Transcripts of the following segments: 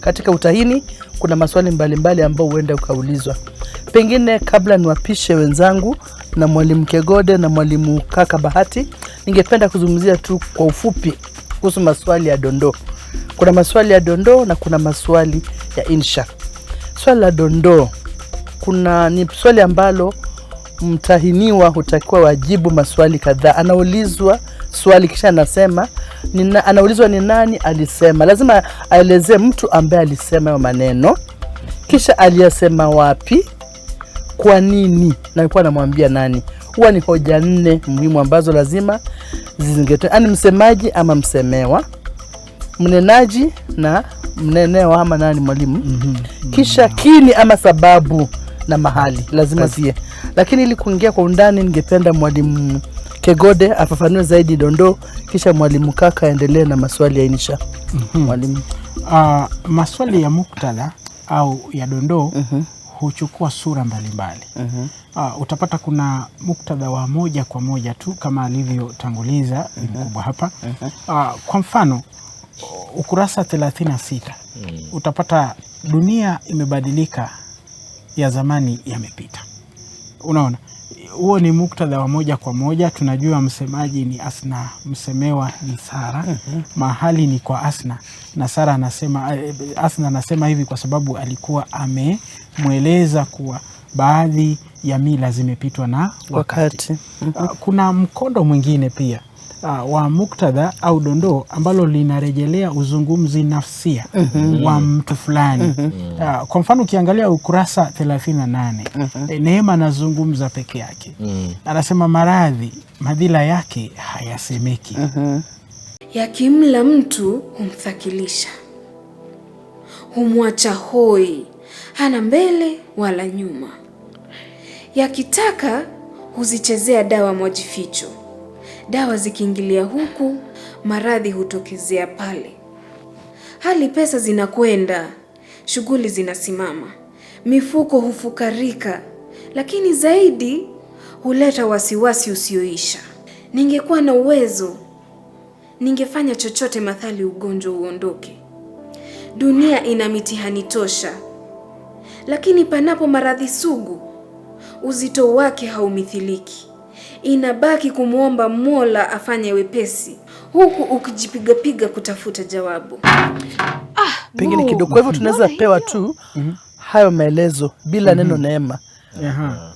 Katika utahini kuna maswali mbalimbali ambayo huenda ukaulizwa. Pengine kabla niwapishe wenzangu na mwalimu Kegode na mwalimu kaka Bahati, ningependa kuzungumzia tu kwa ufupi kuhusu maswali ya dondoo. Kuna maswali ya dondoo na kuna maswali ya insha. Swali la dondoo kuna ni swali ambalo mtahiniwa hutakiwa wajibu maswali kadhaa. Anaulizwa swali kisha anasema nina, anaulizwa ni nani alisema. Lazima aelezee mtu ambaye alisema hayo maneno, kisha aliyasema wapi, kwa nini, na alikuwa anamwambia nani. Huwa ni hoja nne muhimu ambazo lazima zizingatiwe, yaani msemaji ama msemewa, mnenaji na mnenewa ama nani mwalimu. mm -hmm. Kisha kini ama sababu na mahali lazima zie, lakini ili kuingia kwa undani, ningependa mwalimu Kegode afafanue zaidi dondoo, kisha mwalimu Kaka aendelee na maswali ya insha. mm -hmm. Mwalimu, uh, maswali ya muktadha au ya dondoo mm -hmm. huchukua sura mbalimbali mm -hmm. uh, utapata kuna muktadha wa moja kwa moja tu kama alivyotanguliza mm -hmm. mkubwa hapa mm -hmm. uh, kwa mfano ukurasa 36 mm -hmm. utapata dunia imebadilika, ya zamani yamepita. Unaona huo ni muktadha wa moja kwa moja. Tunajua msemaji ni Asna, msemewa ni Sara. mm -hmm. mahali ni kwa Asna na Sara anasema, eh, eh, Asna anasema hivi kwa sababu alikuwa amemweleza kuwa baadhi ya mila zimepitwa na wakati. wakati. mm -hmm. Kuna mkondo mwingine pia uh, wa muktadha au dondoo ambalo linarejelea uzungumzi nafsia mm -hmm. wa mtu fulani mm -hmm. uh, kwa mfano ukiangalia ukurasa 38 mm -hmm. Neema anazungumza peke yake mm -hmm. anasema maradhi madhila yake hayasemeki mm -hmm. yakimla mtu humthakilisha humwacha hoi, hana mbele wala nyuma, yakitaka huzichezea dawa mwajificho dawa zikiingilia huku, maradhi hutokezea pale, hali pesa zinakwenda, shughuli zinasimama, mifuko hufukarika, lakini zaidi huleta wasiwasi usioisha. Ningekuwa na uwezo, ningefanya chochote mathali ugonjwa uondoke. Dunia ina mitihani tosha, lakini panapo maradhi sugu, uzito wake haumithiliki inabaki kumwomba Mola afanye wepesi, huku ukijipigapiga kutafuta jawabu. Ah, pengine kidogo. Kwa hivyo tunaweza pewa tu hayo maelezo bila neno mhm. neema,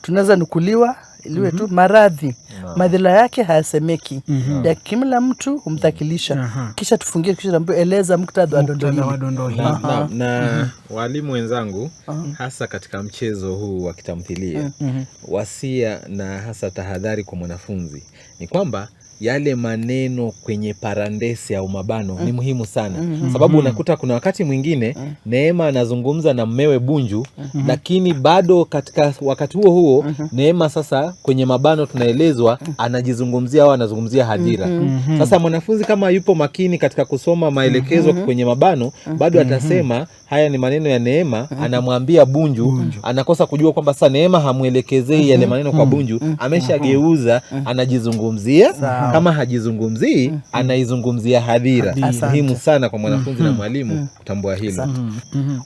tunaweza nukuliwa liwe mm -hmm. tu mhm. maradhi no. Ah. madhila yake hayasemeki mm ya kimla mtu humdhakilisha kisha tufungie kisha eleza muktadha wa dondoo hili na, na, mhm. walimu wenzangu ah. hasa katika mchezo huu wa kitamthilia mm -hmm. wasia na hasa tahadhari kwa mwanafunzi ni kwamba yale maneno kwenye parandesi au mabano mm. ni muhimu sana mm -hmm. sababu mm-hmm. unakuta kuna wakati mwingine mm. Neema anazungumza na mmewe Bunju mm -hmm. lakini bado katika wakati huo huo mm -hmm. Neema sasa kwenye mabano tunaelezwa mm. anajizungumzia au anazungumzia hadhira mm -hmm. Sasa mwanafunzi kama yupo makini katika kusoma maelekezo mm -hmm. kwenye mabano mm-hmm. bado atasema mm -hmm haya ni maneno ya Neema anamwambia Bunju, Bunju. Anakosa kujua kwamba sasa Neema hamwelekezei yale maneno kwa hmm. Bunju, hmm. ameshageuza hmm. anajizungumzia. Kama hajizungumzii anaizungumzia hadhira. Muhimu sana kwa mwanafunzi na mwalimu kutambua hilo.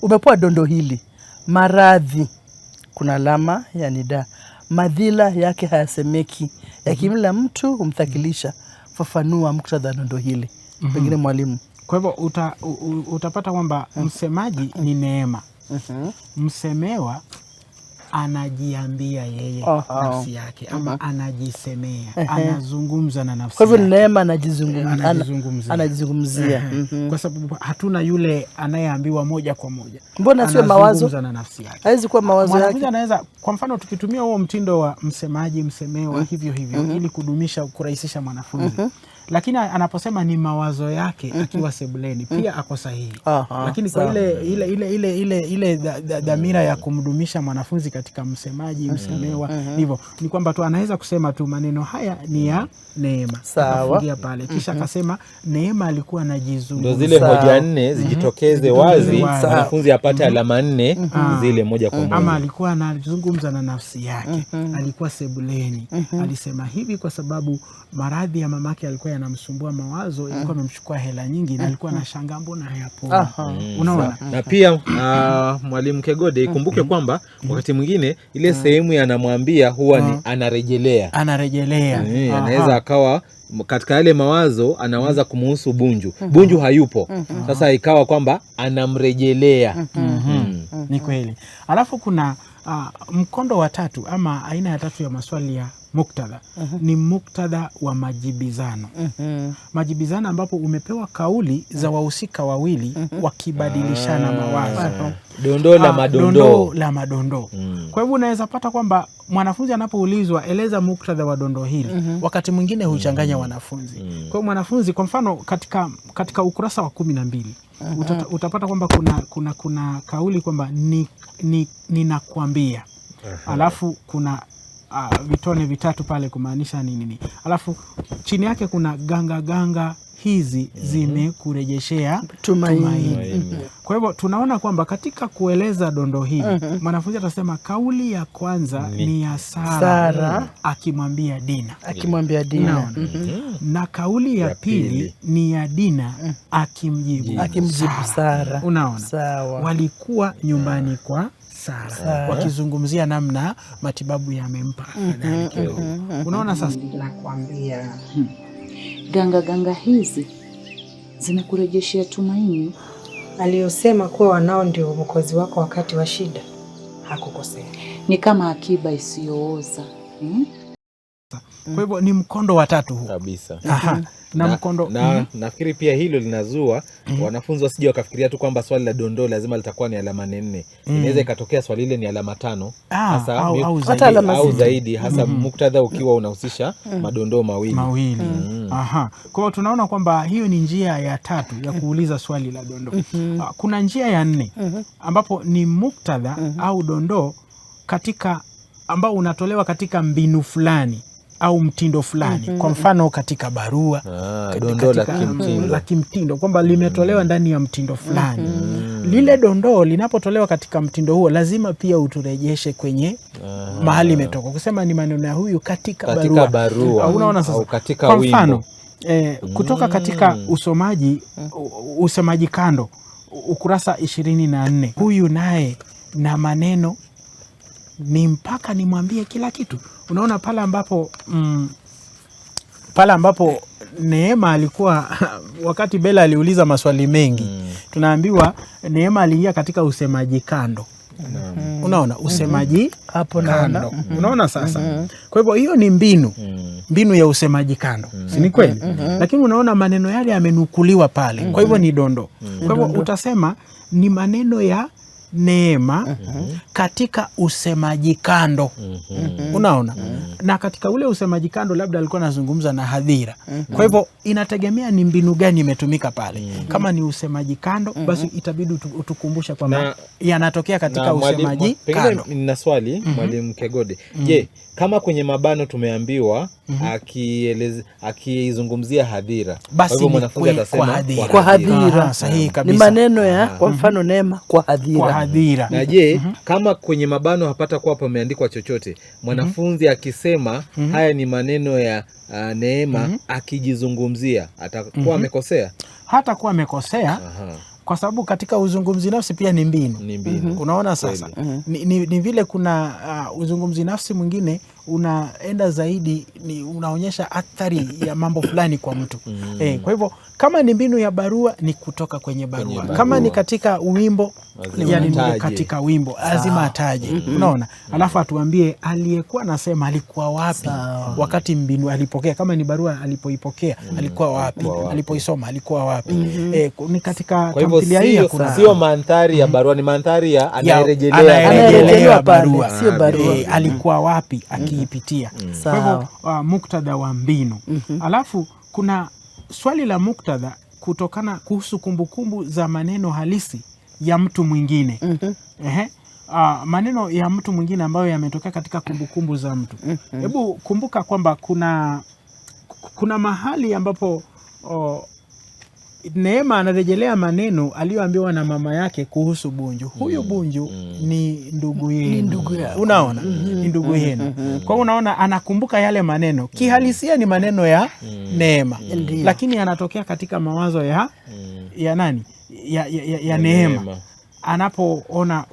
Umepoa dondo hili, maradhi kuna alama ya nida, madhila yake hayasemeki, yakimla mtu humthakilisha. Fafanua muktadha dondo hili, pengine mwalimu kwa hivyo uta, utapata kwamba eh. msemaji ni neema, mhm. msemewa anajiambia yeye oh, oh, nafsi yake ama mm -hmm. Anajisemea uh -huh. Anazungumza na nafsi Kwa hivyo neema anajizungumzia, anajizungumzia mm -hmm. Kwa sababu hatuna yule anayeambiwa moja kwa moja, mbona sio mawazo na nafsi yake, Haizi kuwa mawazo yake. Anaweza kwa mfano tukitumia huo mtindo wa msemaji msemewa, mm -hmm. hivyo hivyo mm -hmm. ili kudumisha kurahisisha mwanafunzi mm -hmm lakini anaposema ni mawazo yake mhm. akiwa sebuleni mhm. pia ako sahihi, lakini kwa ile ile ile ile ile ile dhamira ya kumdumisha mwanafunzi katika msemaji mhm. msemewa, hivyo ni kwamba tu anaweza kusema tu maneno haya ni ya Neema, sawa pale, kisha akasema Neema alikuwa anajizungumza. Ndio zile hoja nne zijitokeze wazi, mwanafunzi apate alama nne ah. zile moja kwa moja, ama alikuwa anazungumza na nafsi yake, alikuwa sebuleni, alisema hivi kwa sababu maradhi ya mamake alikuwa yanamsumbua mawazo, mm. ilikuwa amemchukua hela nyingi na mm. alikuwa shanga mbona hayapo mm. Unaona, na pia uh, mwalimu Kegode ikumbuke kwamba wakati mwingine ile sehemu yanamwambia huwa ni anarejelea, anarejelea anaweza akawa katika yale mawazo anawaza kumuhusu Bunju. Mm-hmm. Bunju hayupo mm-hmm. sasa, ikawa kwamba anamrejelea. Mm-hmm. Ni kweli, alafu kuna Uh, mkondo wa tatu ama aina ya tatu ya maswali ya muktadha uh mhm. -huh. ni muktadha wa majibizano uh mhm. -huh. majibizano ambapo umepewa kauli za mhm. wahusika wawili uh -huh. wakibadilishana ah. mawazo uh -huh. dondoo la ah, madondoo la madondoo mm. kwa hivyo unaweza pata kwamba mwanafunzi anapoulizwa eleza muktadha wa dondoo hili uh -huh. wakati mwingine huchanganya mm. wanafunzi uh mm. -huh. kwa hiyo mwanafunzi kwa mfano katika, katika ukurasa wa kumi na mbili utata, utapata kwamba kuna, kuna, kuna kauli kwamba ninakwambia ni, ni alafu kuna uh, vitone vitatu pale kumaanisha ni nini, alafu chini yake kuna ganga ganga hizi mm -hmm. zimekurejeshea tumaini, tumaini. Mhm. Kwa hivyo tunaona kwamba katika kueleza dondo hili mm -hmm. mwanafunzi atasema kauli ya kwanza mm -hmm. ni ya Sara, Sara. akimwambia Dina, akimwambia Dina. Mm -hmm. na kauli ya, ya pili, ni ya Dina mm -hmm. akimjibu akimjibu Sara. Unaona, sawa. walikuwa nyumbani kwa Sara, Sara. wakizungumzia namna matibabu yamempa mm -hmm. mm -hmm. unaona sasa nakwambia hmm. Ganga ganga hizi zinakurejeshea tumaini. Aliyosema kuwa wanao ndio uokozi wako wakati wa shida hakukosea, ni kama akiba isiyooza hmm? Kwa hivyo ni mkondo wa tatu huu kabisa. Aha. Mm-hmm. Na, na mkondo na, mm Nafikiri pia hilo linazua mm Wanafunzi wasije wakafikiria tu kwamba swali la dondoo lazima litakuwa ni alama nne mm Inaweza ikatokea swali ile ni alama tano ah, hasa au, au zaidi, au zaidi hasa mm Muktadha ukiwa unahusisha mm madondoo mawili mawili mm Aha. Kwa hiyo tunaona kwamba hiyo ni njia ya tatu ya mm. kuuliza swali la dondoo mm -hmm. Kuna njia ya nne ambapo ni muktadha mm -hmm. au dondoo katika ambao unatolewa katika mbinu fulani au mtindo fulani mm -hmm. Kwa mfano katika barua ah, dondoo la kimtindo kwamba limetolewa mm -hmm. ndani ya mtindo fulani mm -hmm. Lile dondoo linapotolewa katika mtindo huo lazima pia uturejeshe kwenye ah, mahali imetoka, kusema ni maneno ya huyu katika, katika barua, barua. Ah, unaona sasa, katika kwa mfano eh, kutoka katika mm. usomaji mm. usemaji kando ukurasa ishirini na nne huyu naye na maneno ni mpaka nimwambie kila kitu unaona pale ambapo mm, pale ambapo Neema alikuwa wakati Bela aliuliza maswali mengi mm. Tunaambiwa Neema aliingia katika usemaji kando mm. Unaona usemaji mm-hmm. hapo mm -hmm. kando mm -hmm. Unaona sasa mm -hmm. Kwa hivyo hiyo ni mbinu mm. mbinu ya usemaji kando mm. si ni kweli mm -hmm. Lakini unaona maneno yale yamenukuliwa pale mm -hmm. Kwa hivyo ni dondo mm -hmm. Kwa hivyo utasema ni maneno ya neema katika usemaji kando unaona na katika ule usemaji kando labda alikuwa anazungumza na hadhira kwa hivyo inategemea ni mbinu gani imetumika pale kama ni usemaji kando basi itabidi utukumbusha kwamba yanatokea katika usemaji kando. Nina swali mhm. mwalimu Kegode Je, kama kwenye mabano tumeambiwa mm -hmm. akiizungumzia aki hadhira. Basi hadhira, Ni maneno ya kwa mfano mhm. neema kwa hadhira, kwa hadhira. Na je, mm -hmm. kama kwenye mabano hapata kuwa pameandikwa chochote mwanafunzi mm -hmm. akisema mm -hmm. haya ni maneno ya uh, neema mm -hmm. akijizungumzia atakuwa mm -hmm. amekosea, hata kuwa amekosea kwa sababu katika uzungumzi nafsi pia ni mbinu, ni mbinu. Mm -hmm. Unaona sasa, mm -hmm. ni, ni, ni vile kuna uh, uzungumzi nafsi mwingine unaenda zaidi ni unaonyesha athari ya mambo fulani kwa mtu mm. E, kwa hivyo kama ni mbinu ya barua ni kutoka kwenye barua, kwenye barua. Kama ni katika wimbo yani ni katika wimbo lazima ataje mm -hmm. Unaona, mm-hmm. alafu atuambie aliyekuwa anasema alikuwa wapi Sao. Wakati mbinu alipokea, kama ni barua alipoipokea mm. alikuwa wapi, alipoisoma alikuwa wapi mm -hmm. E, ni katika tamthilia hii kuna sio mandhari ya mm-hmm. barua, ni mandhari ya anayerejelea barua, sio barua, eh, mm-hmm. alikuwa wapi aki tukiipitia mm. Kwa hivyo uh, muktadha wa mbinu mm -hmm. Alafu kuna swali la muktadha kutokana kuhusu kumbukumbu za maneno halisi ya mtu mwingine mm -hmm. Ehe. Uh, maneno ya mtu mwingine ambayo yametokea katika kumbukumbu -kumbu za mtu mhm. hebu mm -hmm. Kumbuka kwamba kuna kuna mahali ambapo oh, Neema anarejelea maneno aliyoambiwa na mama yake kuhusu Bunju. Huyu mm, Bunju mm. ni ndugu yenu, unaona, mm-hmm. ni ndugu mm-hmm. yenu. Mm-hmm. Kwa hiyo unaona, anakumbuka yale maneno, mm. kihalisia ni maneno ya Neema, lakini anatokea katika mawazo ya ya nani, ya, ya, ya, ya Neema anapoona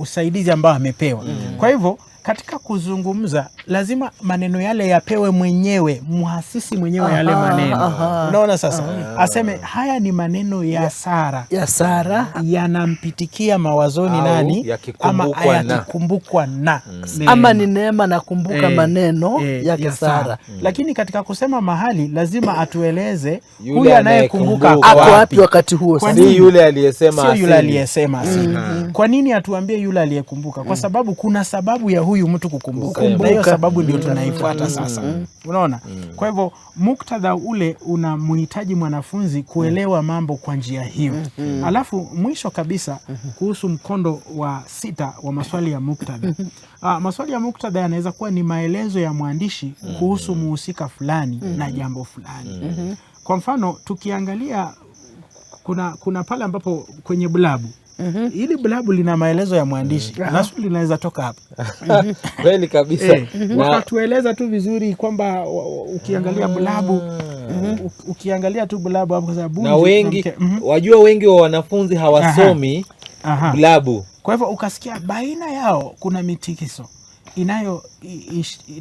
usaidizi ambao amepewa. Kwa hivyo katika kuzungumza lazima maneno yale yapewe mwenyewe mhasisi mwenyewe aha, yale maneno unaona sasa aha. Aseme haya ni maneno ya, ya Sara ya Sara yanampitikia mawazoni au, nani ama yakikumbukwa na, na. Hmm. ama ni neema nakumbuka e, eh, maneno e, eh, yake ya Sara, Mm. Lakini katika kusema mahali lazima hmm. atueleze huyu anayekumbuka ako wapi wakati huo, si yule aliyesema, sio yule aliyesema. Hmm. Kwa nini atuambie yule aliyekumbuka? Kwa sababu kuna sababu ya huyu mtu kukumbuka, na hiyo sababu ndio tunaifuata mm-hmm. sasa. Mm-hmm. Unaona, mm-hmm. kwa hivyo muktadha ule unamhitaji mwanafunzi kuelewa mambo kwa njia hiyo. Alafu mwisho kabisa, kuhusu mkondo wa sita wa maswali ya muktadha, ah, maswali ya muktadha yanaweza kuwa ni maelezo ya mwandishi kuhusu muhusika fulani na jambo fulani. Kwa mfano tukiangalia kuna, kuna pale ambapo kwenye blabu -hmm. Hili blabu lina maelezo ya mwandishi mm -hmm. Nasu linaweza toka hapa kweli kabisa eh, mm -hmm. Wakatueleza tu vizuri kwamba ukiangalia ah. blabu Mm -hmm. Ukiangalia tu blabu hapo, kwa sababu na wengi mm -hmm. wajua wengi wa wanafunzi hawasomi blabu, kwa hivyo ukasikia baina yao kuna mitikiso inayo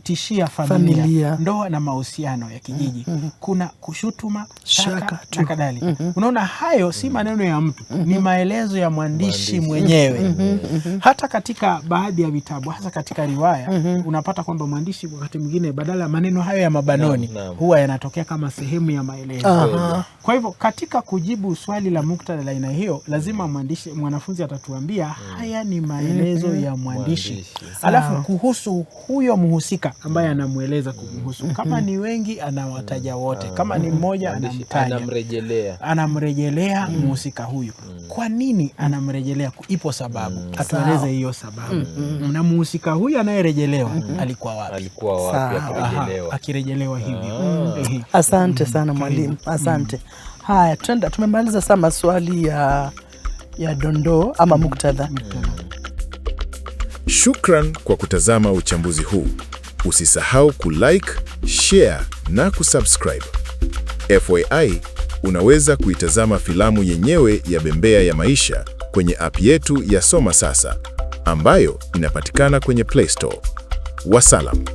tishia familia, familia, ndoa na mahusiano ya kijiji mm -hmm. Kuna kushutuma, shaka na mm-hmm. kadhalika mm -hmm. Unaona, hayo si mm-hmm. maneno ya mtu mm -hmm. Ni maelezo ya mwandishi mwenyewe mm -hmm. Hata katika baadhi ya vitabu hasa katika riwaya mm -hmm. Unapata kwamba mwandishi wakati mwingine badala ya maneno hayo ya mabanoni Huwa yanatokea kama sehemu ya maelezo Kwa hivyo katika kujibu swali la muktadha la aina hiyo lazima mwandishi mwanafunzi atatuambia mm. Haya ni maelezo mm -hmm. ya mwandishi, mwandishi. Alafu kuhusu huyo mhusika ambaye mm. anamweleza kumhusu. Mm-hmm. Kama ni wengi, anawataja wote, ah. kama ni mmoja, anamtaja, anamrejelea, anamrejelea mm. mhusika huyu. Mm. Kwa nini anamrejelea? Ipo sababu, atueleze hiyo sababu. Na mhusika huyu anayerejelewa alikuwa wapi? Alikuwa wapi akirejelewa? hivi? hivyo. Ah. Asante sana mwalimu, asante. Haya, tumemaliza saa maswali ya ya dondoo ama muktadha. Shukran kwa kutazama uchambuzi huu. Usisahau kulike, share na kusubscribe. FYI, unaweza kuitazama filamu yenyewe ya Bembea ya Maisha kwenye app yetu ya Soma Sasa ambayo inapatikana kwenye Play Store. Wasalam.